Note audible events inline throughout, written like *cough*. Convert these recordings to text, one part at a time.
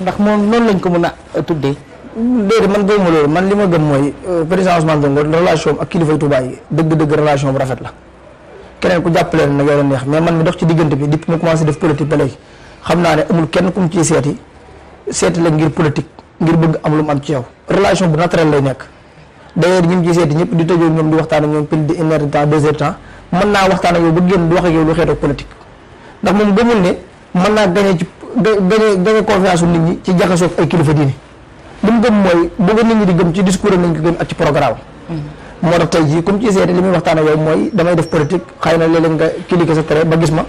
ndax moom noonu lañ ko mën a euh, tuddee. déedéet man gëmuma loolu man li ma gëm mooy euh, président Ousmane ak kilifay Touba yi dëgg-dëgg relation bu rafet la keneen ku jàppalee nag yow la neex mais ci diggante bi depuis ma commencé def politique ba léegi naa ne amul kenn ku mu ciy seeti seeti politique ngir bëgg am lu mu ci yow relation bu naturel lay nekk d'ailleurs ñi mu ciy seeti ñëpp di tëjoo waxtaan ak ñoom pile de une heure de temps deux heures de temps ba génn di wax ak yow lu xeet ak ndax moom gëmul ne mën naa gagné ci gagné gagné confiance nit ñi ci jaxasoo ay kilifa diine li gëm mooy bëgg nit ñi di gëm ci discours nañ ko gëm ak ci programme moo tax tey jii li muy waxtaan ak yow mooy damay def politique na léeg-léeg nga cliquer ma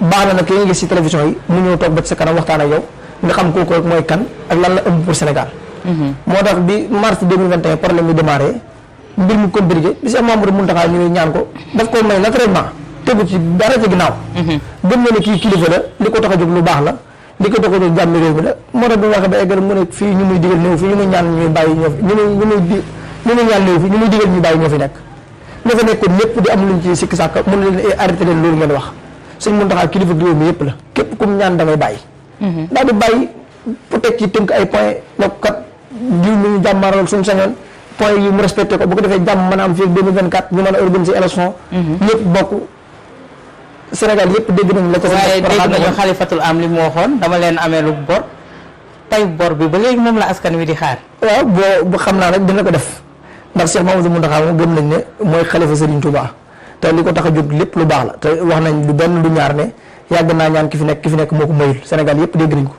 baax na nag ki yi mu ñëw toog ba ci sa kanam waxtaan ak yow nga xam kooku rek mooy kan ak lan la ëmb pour Sénégal mm-hmm. moo tax bi mars 2021 problème yi démarré mbir mu compliqué bi Cheikh Mamadou Mountakha ñëwee ñaan ko daf ko may naturellement tegu ci dara ci ginnaaw mm-hmm. gëm na ne kii kilifa la li ko tax a jóg lu baax la di ko doxaloo jàmm réew mi la moo tax bi waxee ba eggal mu ne fii ñu muy digal néew fi ñu muy ñaan ñuy bàyyi ñoo fi ñu muy digal ñu bàyyi ñoo fi nekk ña fa nekkoon ñëpp di am luñ ci sikki sàkk mun leen arrêté leen loolu ngeen wax suñ mun taxaa kilifa réew mi yëpp la képp kum ñaan da bàyyi mhm. daal di bàyyi pour teg ci tënk ay point nag kat jiw mi ñu sañoon point yi mu respecté ko bu ko defee jàmm mën a am fii 2024 ñu mën a organiser élection mhm. Sénégal yëpp dégg nañ la ko. waaye dégg nañu xalifatul am li mu waxoon dama leen amee lu bor tey bor bi ba léegi moom la askan wi di xaar. waaw boo xam naa rek dina ko def ndax Cheikh Mamadou Mountakha moom gëm nañ ne mooy xalifa Serigne Touba te li ko tax a jóg lépp lu baax la te wax nañ du benn du ñaar ne yàgg naa ñaan ki fi nekk ki fi nekk moo ko mayul Sénégal yëpp dégg nañ ko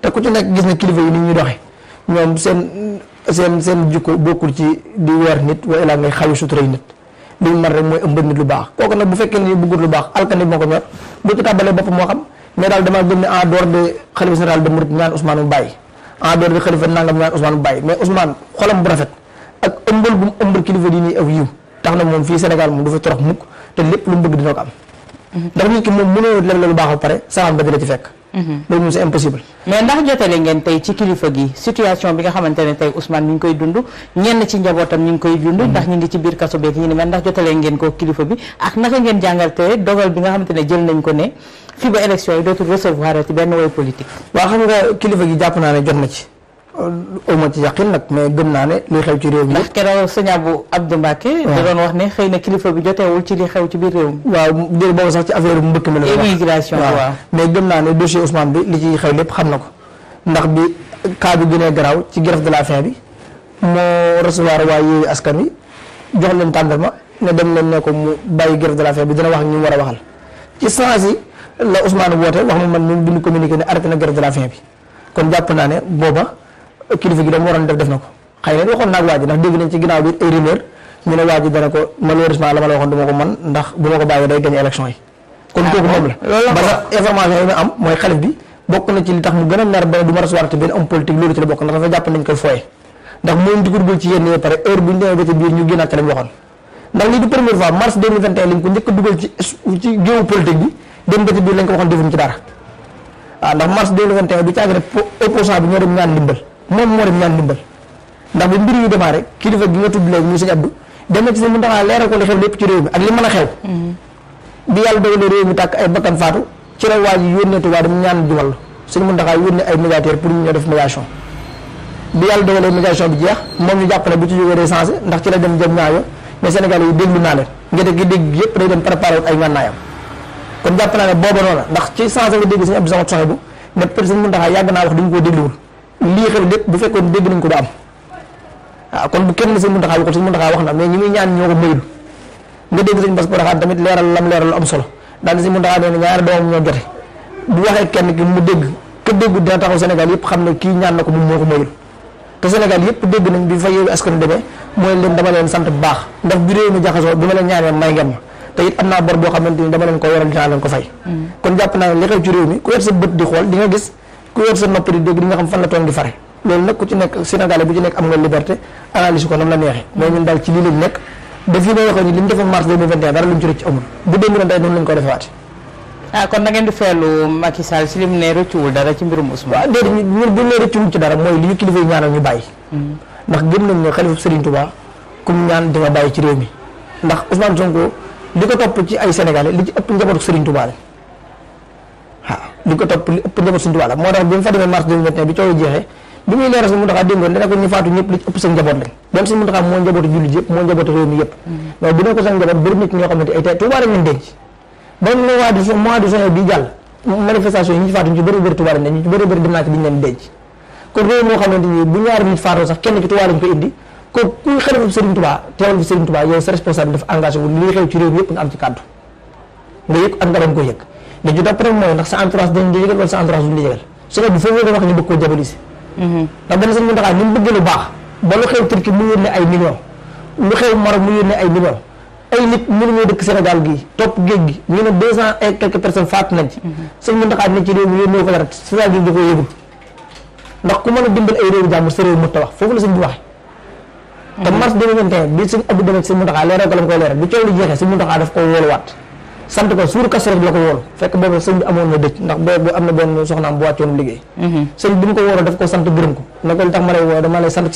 te ku ci nekk gis na kilifa yi ni ñuy doxee ñoom seen seen seen jikko bokkul ci di weer nit wala ngay xawi sutura nit li mu mën rek mooy ëmbët nit lu baax kooku nag bu fekkee ni bëggut lu baax alkane moo ko ñor bu ci tàbbalee bopp moo xam mais daal damaa gëm ne en dehors de xalifa général de ñaan Ousmane mu bàyyi mais Ousmane xolam bu rafet ak ëmbal bu mu kilifa di nii aw yiw tax na moom fii Sénégal moom du fa torox mukk te lépp lu mu bëgg dina ko am mhm. ndax nit ki moom mënoo leble lu baax ba pare saxam ba dina ci fekk Mhm. loolu moom c'est impossible. mais ndax jotale ngeen tey ci kilifa gi situation bi nga xamante ne tey Ousmane mi ngi koy dund ñenn ci njabootam ñu ngi koy dund. Mhm. ndax ñu ngi ci biir kaso beeg ñu ni man ndax jotale ngeen ko kilifa bi ak naka ngeen jàngalte dogal bi nga xamante ne jël nañ ko ne fii ba élection yi dootul recevoir ci benn way politique. waaw xam nga kilifa gi jàpp naa ne jot na ci. auma ci yàqin nag mais gëm naa ne li xew ci réew mi. ndax keroog sëñ Abou Abdou da doon wax ne xëy na kilifa bi joteewul ci li xew ci biir réew mi. waaw déedéet boobu sax ci affaire bu mbëkk mi la. immigration waaw mais gëm naa ne dossier Ousmane bi li ci xew lépp xam na ko ndax bi cas bi gënee garaaw ci grève de la faim bi moo recevoir waa yooyu askan wi jox leen tàndarma ne dem leen ne ko mu bàyyi grève de bi dina wax ñu ñi mu war a waxal ci sens yi la Ousmane woote wax man ñun bi ñu communiqué ne arrêté na grève de bi kilifa gi dama waroon def def na ko xëy na waxoon naag waa ji ndax dégg nañ ci ginnaaw bi ay rumeur ñu ne waa ji dana ko malheureusement la ma la waxoon du ma ko man ndax bu ma ko bàyyee day gagné élection yi kon kooku moom la parce ah, que information yi ma am mooy xalif bi bokk na ci li tax mu gën a mer ba du ma recevoir te benn homme politique loolu ci la bokk ndax dafa jàpp nañ koy fooye ndax moom dugul ci yénn pare heure bu ñu demee ba ci biir ñu génnaat ci lañ waxoon ndax lii du première fois mars 2021 lañ ko njëkk a dugal ci ci géewu politique bi dem ba ci biir lañ ko waxoon defuñ ci dara waaw ah, ndax mars 2021 du caag rek opposant bi ñoo dem ñaan ndimbal moom moo dem ñaan ndimbal ndax bu mbir yi démarré kilifa gi nga tudd léegi muy sëñ Abdou dem na ci sëñ Muntaxa leeral ko li xew lépp ci réew mi ak li a xew mm-hmm. bi yàlla dogalee réew mi tàkk ay waa ji ñaan jumal la sëñ Muntaxa yónnee ay médiateur pour ñu ñoo def médiation bi yàlla dogalee bi jeex moom ñu jàpp bu ci jógee day changé ndax la dem jëm ñaayo mais Sénégal yi déglu naa leen ngete gi dégg yëpp day dem préparé ay ngànnaayam kon jàpp naa ne booba ndax ci changé nga dégg sëñ Abdou Samad yàgg naa wax duñu ko dégluwul lii xew lépp bu fekkoon dégg nañ ko du am waaw kon bu kenn la sëñ Muntaxa wax na mais ñi muy ñaan ñoo ko mayul nga dégg sëñ Bass Porokhane tamit leeral lam leeral lu am solo daal sëñ Muntaxa nee na ñoo jote bu waxee kenn ki mu dégg ke déggu dina taxaw Sénégal yëpp xam ne kii ñaan na ko moom moo ko mayul te Sénégal yëpp dégg nañ bi fa yeewu askan demee mooy leen dama leen sant bu baax ndax bi réew mi jaxasoo bi ma leen ñaanee may ngeen ma te it am naa bor boo ko waral dinaa leen ko fay mm. kon jàpp naa ne li xew ci xool di nga gis ku yor sa nopp di dégg di nga xam fan la toog di fare loolu nag ku ci nekk Sénégalais bu ci nekk am nga liberté analyse ko nam la neexee mooy ñun daal ci lii lañ nekk daf yi may waxoon ni li ñu defoon mars 2021 dara luñ ah, kon da ngeen di feelu Macky Sall si lim ne rëccuwul dara ci mbirum Ousmane waaw déedéet ñun ne rëccuwul ci dara mooy li ñu kilifa yi ñu bàyyi hmm. ndax gëm ne xalifa Serigne Touba kum ñaan dina bàyyi ci réew mi ndax Ousmane Sonko li ko topp ci ay Sénégalais di ko topp li ëpp njaboot Sëriñ Tuubaa la moo tax bi mu fa demee mars 2021 bi coow jeexee bi muy leeral li ëpp seen njaboot lañ doon Sëriñ Muntaxaa mm-hmm. bu doon ko sax njaboot bëri nit ñoo xam ne ay ñu faatu ñu ci li xew yëpp nga am ci kàddu nga yëg ak nga bañ ko yëg li ci topp rek mooy ndax sa entourage dañ la yëgal wala sa entourage duñ la yëgal su ko bu foofu la wax ñu bëgg koo diaboliser. Mhm. ndax benn sëñ Mountakha ni mu bëgg lu baax ba lu xew Turquie mu yónnee ay millions lu xew Maroc mu yónnee ay millions ay nit mënuñoo dëkk Sénégal gii topp géej gi ñu ne deux cent et quelques personnes faatu nañ ci. Mhm. sëñ Mountakha ne ci réew mi yónnee ko dara Sénégal gi da koo yëgul ndax ku mën a dimbal ay réew jàmbur sa réew mu ta wax foofu la sëñ bi waxee mhm. te mars 2021 bi sëñ Abdou Deme ak sëñ Mountakha leeral ko la mu koy leeral bi coow li jeexee sëñ Mountakha daf ko wóoluwaat sant ko suur kasarog la ko woon fekk boobu sëñ bi amoon na dëj ndax boobu am na benn soxnaam bu wàccoon liggéey mhm. sëñ bi mu ko wooroo daf ko sant gërëm ko ne li tax ma la ñaanal nag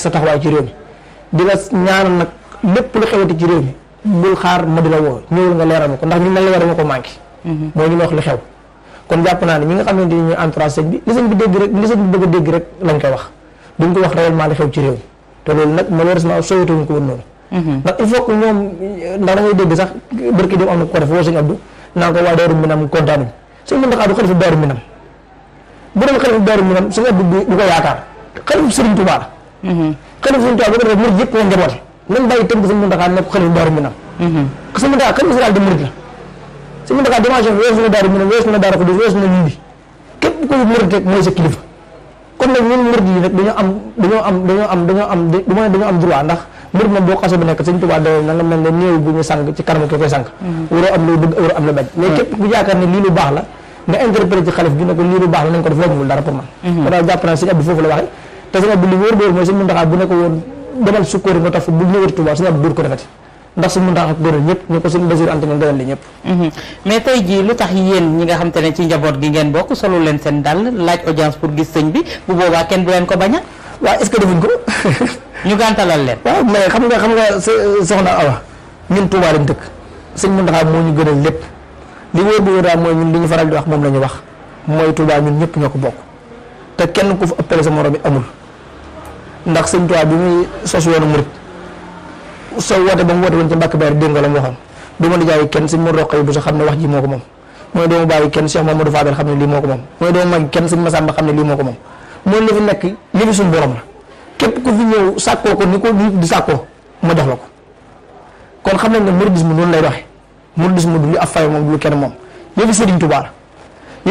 xaar ma di la woo ñëwul nga leeral ma ko ndax ñu mel ni war dama ko mhm. mooy ñu ma wax li xew kon jàpp naa ne ñi nga xamante ni ñuy entourage sëñ bi li bi dégg rek li sëñ bi bëgg a dégg rek lañ koy wax duñ ko wax réellement li xew ci réew mi te loolu nag malheureusement sooyatuñ ko woon noonu Mhm. ndax il faut que ñoom ndax da ngay dégg sax barki dem am na ko def woo sëñ Abdou naan ko waa Daaru Minam kontaanuñ sëñ Muntaxa du xalifa Daaru Minam bu doon xalifa Daaru Minam sëñ Abdou du ko yaakaar xalifa Sëriñ Tuubaa la mhm. xalifa Sëriñ Tuubaa bu ko defee murid yëpp la njaboote nañ bàyyi tënk sëñ Muntaxa nekk xalifa Daaru Minam mhm. sëñ Muntaxa xalifa général de murid la sëñ Muntaxa dimension weesu na Daaru Minam weesu na Daaru Xudoos weesu na Lundi képp koy murid rek mooy sa kilifa kon nag ñun murid yi nag dañoo am dañoo am dañoo am dañoo am du ma ne dañoo am droit ndax mbir moom boo xasee ba nekk sëñ Tuubaa doon na la néew bu ñu sang ci kanam ko koy sang mm-hmm. waroo am la bañ mais mm-hmm. képp ku yaakaar ne lii lu baax la nga interprété xalif bi ne ko lii lu baax la nañ ko def loolu dara pour man mm-hmm. ko daal jàpp naa sëñ Abdou foofu la waxee te sëñ Abdou li wóor bu ne ko woon demal sukkóori nga taf bu ñëwati Tuubaa sëñ Abdou ko defati ndax suñu ndax ak góor ñëpp ñu mais tey jii lu tax yéen ñi nga xam te ci njaboot gi ngeen bokk solu waaw est-ce que defuñ ko. *laughs* ñu gàntalal leen. waaw mais xam nga xam nga soxna Awa ñun Touba lañ dëkk sëñ Mountakha moo ñu gënal lépp li wóor bi wóor daal mooy ñun li ñu faral di wax moom la wax mooy Touba ñun ñëpp ñoo ko bokk te kenn ku fa ëppale sa morom bi amul ndax sëñ Touba bi muy sos yoonu murit soo woote ba mu woote woon ci Mbàkke Baar dégg la mu waxoon du ma di jaay kenn sëñ mu roq yi bu sa xam ne wax ji moo ko moom mooy doomu bàyyi kenn Cheikh xam ne lii moo ko moom loolu li fi nekk li fi suñu borom la képp ku fi ñëw sàkkoo ko ni ko nit di sàkkoo ma jox la ko kon xam nañ ne mouridisme noonu lay doxee mouridisme du lu ab fay moom du lu kenn moom yëfi Serigne Touba la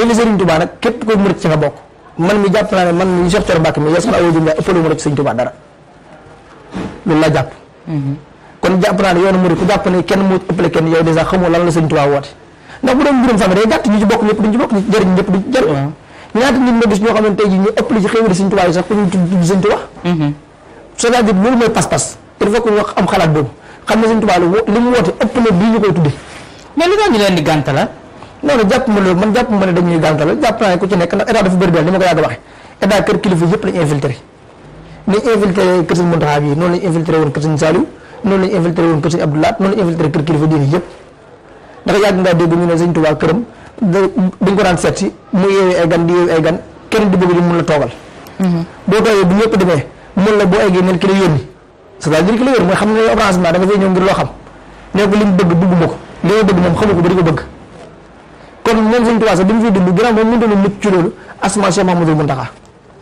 yëfi Serigne bokk man mi jàpp naa ne man mi Cheikh Thioro Mbacke mi yasal awoo jëm yaa ëppale dara loolu laa jàpp mhm. kon jàpp naa ne yoonu murid ku jàpp ne kenn moo ëppale kenn yow dèjà xamoo lan la Serigne Touba woote ndax bu doon mbirum famille day gàtt ñu ci bokk ñëpp duñ ci bokk ñu jëriñ ñëpp duñ ci jëriñ ñaata nit ma gis ñoo xamante ji ñu ëpp li ci xéwal Sëñ Tuubaa yi sax ku ñu tudd Sëñ Tuubaa mhm. cest à li mu woote ëpp na bii ñu koy tuddee mais lu tax ñu leen di gàntal non non jàpp ma loolu man jàpp ma ne dañuy gàntal jàpp naa ne ku ci nekk ndax état dafa bëri bel ni ma ko yàgg waxe kër kilifa yëpp lañu infiltré nañ infiltré kër Sëñ Muntaxa bi noonu lañ infiltré woon kër Sëñ Saliou noonu lañ infiltré woon kër Sëñ Abdoulaat noonu lañ infiltré kër kilifa diine dañ ko daan seet si mu yeewee ay gan di yeewee ay gan kenn du bëgg mhm. bu ñëpp demee mun la boo eggee neen ki la yónni c'est-à-dire ki la yónni mooy xam ne yow arrangement ñëw ngir loo xam ne ko li mu bëgg bëgguma ko li ma bëgg moom xamu ko ba di ko bëgg. kon moom suñu tubaab sax bi mu fiy dund gannaaw moom mënut a mucc ci loolu asma Cheikh Mahamadou Mountakha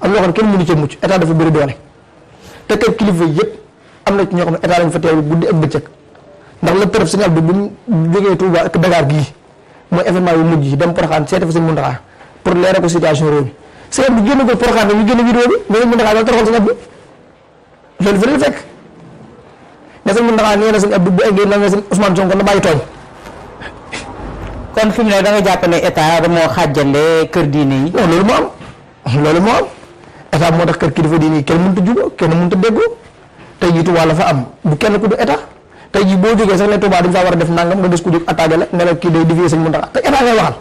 am loo xam kenn mënu cee mucc état dafa bëri doole te kër kilifa yëpp am na ci ñoo xam ne état lañ fa teewlu guddi ak bëccëg ndax la preuve signal bi bu jógee Touba ak gii mooy événement yu mujj yi dem Porokhane seeti fa sëñ Muntaxa pour leeral ko situation réew mi sëñ bi génn ko Porokhane ñu génn vidéo bi mais sëñ Muntaxa dana toroxal sëñ Abdou loolu fa fekk ne sëñ Muntaxa nee na sëñ Abdou bu eggee na nga sëñ Ousmane Sonko na bàyyi tooñ kon fi mu da nga jàpp ne état da moo xàjjale kër diine yi non loolu moo am loolu moo am état moo tax kër kilifa diine yi kenn mënut a jubóo kenn mënut a déggoo tey jiitu wàll fa am bu kenn ku du état tey jii boo jógee sax ne Touba dañu faa war a def nangam nga des ko jóg attaqué la ne la kii day dévier sëñ Mountakha te état ngay waxal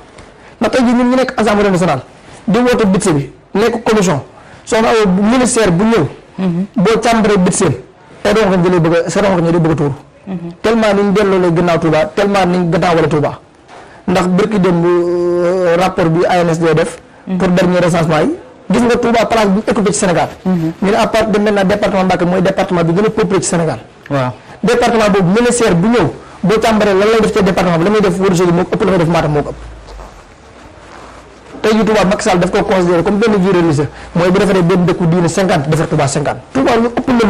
ndax tey jii ñun ñu nekk assemblée nationale di woote budget bi nekk commission soxna aw ministère bu ñëw boo càmbaree budget tey doo xam ne bëgg a sa a tuur tellement niñ delloolee gannaaw Touba tellement niñ gannaawale Touba ndax bërki dem euh, rapport bi ANSD def pour dernier recensement yi gis nga Touba place bi ñu occupé ci Sénégal mhm. ñu ne à part de maintenant département Mbacké mooy département bi gën a peuplé ci Sénégal waaw département boobu ministère bu ñëw boo càmbaree lan lay def ci département bi la muy def Wuro Sogui moo ko ëpp la muy def Matam moo ko ëpp tey jii Touba Macky daf ko considéré comme benn vie religieuse mooy bu defaree benn dëkku diine 50 defar Touba 50 Touba lu ëpp la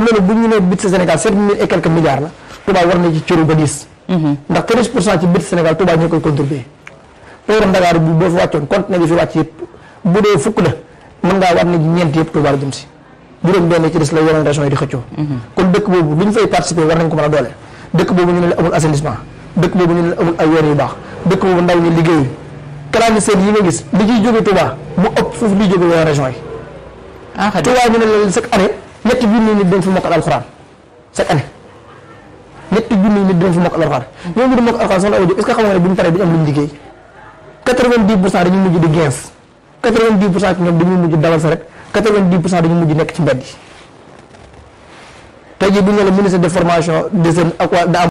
mooy bu ñu nee bit sa Sénégal 7 mille et quelques milliards la Touba mhm. ndax 13 pour cent ci koy contribué. Pooram Dakar bi boo fi wàccoon compte nañu bu dee fukk la mën ngaa war ne ñeent yëpp Touba la jëm si juróom benn ci des la yeneen région yi di xëccoo mhm. kon dëkk boobu lu ñu fay participer war nañ ko mën a doole dëkk boobu ñu ne la amul assainissement dëkk boobu ñu ne la amul ay weer yu baax dëkk boobu ndaw ñi liggéey clandestin yi nga gis li ciy jóge Touba mu ëpp foofu liy jóge yeneen région yi ah, Touba ñu ne la chaque année ñetti junni nit dañ fi mokkal alxuraan chaque année ñetti junni nit dañ fi mokkal quatre-vingt-dix pour cent ci ñoom dañuy mujj dawal sa rek quatre-vingt-dix pour cent dañuy mujj nekk ci mbedd yi tey bu ñu la ministre de formation des jeunes ak waa